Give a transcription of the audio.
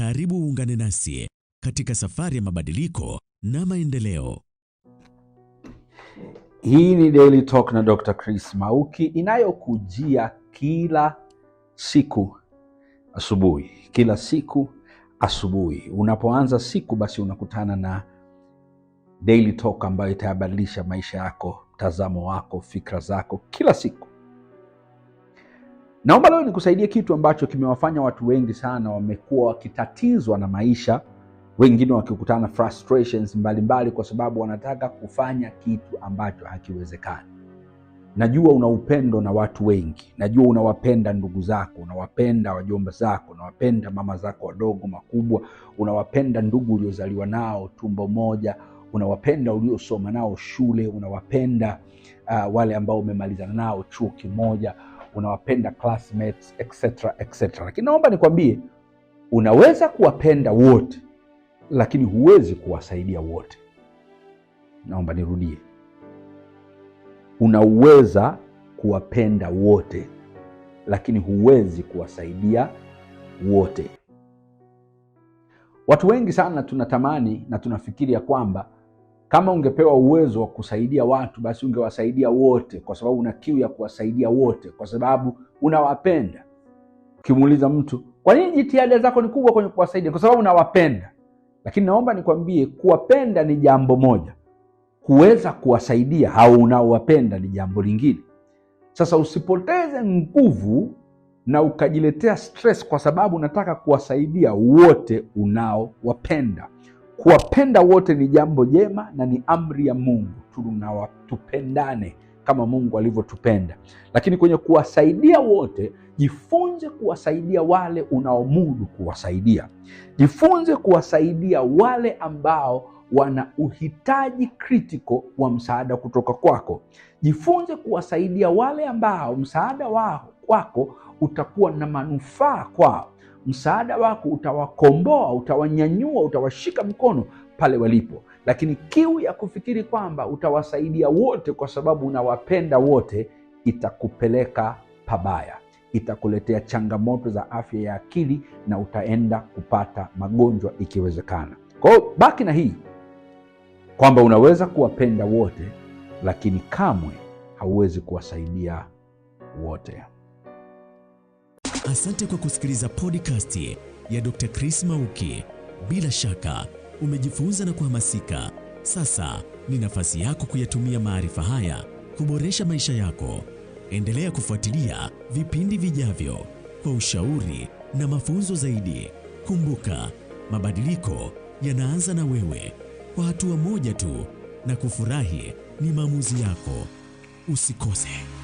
Karibu uungane nasi katika safari ya mabadiliko na maendeleo. Hii ni Daily Talk na Dr. Chris Mauki inayokujia kila siku asubuhi, kila siku asubuhi. Unapoanza siku, basi unakutana na Daily Talk ambayo itayabadilisha maisha yako, mtazamo wako, fikra zako kila siku. Naomba leo nikusaidie kitu ambacho kimewafanya watu wengi sana wamekuwa wakitatizwa na maisha, wengine wakikutana frustrations mbalimbali kwa sababu wanataka kufanya kitu ambacho hakiwezekani. Najua una upendo na watu wengi, najua unawapenda ndugu zako, unawapenda wajomba zako, unawapenda mama zako wadogo makubwa, unawapenda ndugu uliozaliwa nao tumbo moja, unawapenda uliosoma nao shule, unawapenda uh, wale ambao umemalizana nao chuo kimoja unawapenda classmates etc etc, lakini naomba nikwambie, unaweza kuwapenda wote, lakini huwezi kuwasaidia wote. Naomba nirudie, unaweza kuwapenda wote, lakini huwezi kuwasaidia wote. Watu wengi sana tunatamani na tunafikiria kwamba kama ungepewa uwezo wa kusaidia watu, basi ungewasaidia wote, kwa sababu una kiu ya kuwasaidia wote, kwa sababu unawapenda. Ukimuuliza mtu kwa nini jitihada zako ni kubwa kwenye kuwasaidia, kwa sababu unawapenda. Lakini naomba nikwambie, kuwapenda ni jambo moja, kuweza kuwasaidia au unaowapenda ni jambo lingine. Sasa usipoteze nguvu na ukajiletea stress kwa sababu unataka kuwasaidia wote unaowapenda. Kuwapenda wote ni jambo jema na ni amri ya Mungu, tunawatupendane kama Mungu alivyotupenda. Lakini kwenye kuwasaidia wote, jifunze kuwasaidia wale unaomudu kuwasaidia. Jifunze kuwasaidia wale ambao wana uhitaji kritiko wa msaada kutoka kwako. Jifunze kuwasaidia wale ambao msaada wao kwako utakuwa na manufaa kwao. Msaada wako utawakomboa, utawanyanyua, utawashika mkono pale walipo, lakini kiu ya kufikiri kwamba utawasaidia wote kwa sababu unawapenda wote itakupeleka pabaya, itakuletea changamoto za afya ya akili na utaenda kupata magonjwa ikiwezekana. Kwa hiyo baki na hii kwamba unaweza kuwapenda wote, lakini kamwe hauwezi kuwasaidia wote. Asante kwa kusikiliza podcast ya Dr. Chris Mauki. Bila shaka umejifunza na kuhamasika. Sasa ni nafasi yako kuyatumia maarifa haya kuboresha maisha yako. Endelea kufuatilia vipindi vijavyo kwa ushauri na mafunzo zaidi. Kumbuka, mabadiliko yanaanza na wewe, kwa hatua moja tu, na kufurahi ni maamuzi yako. Usikose.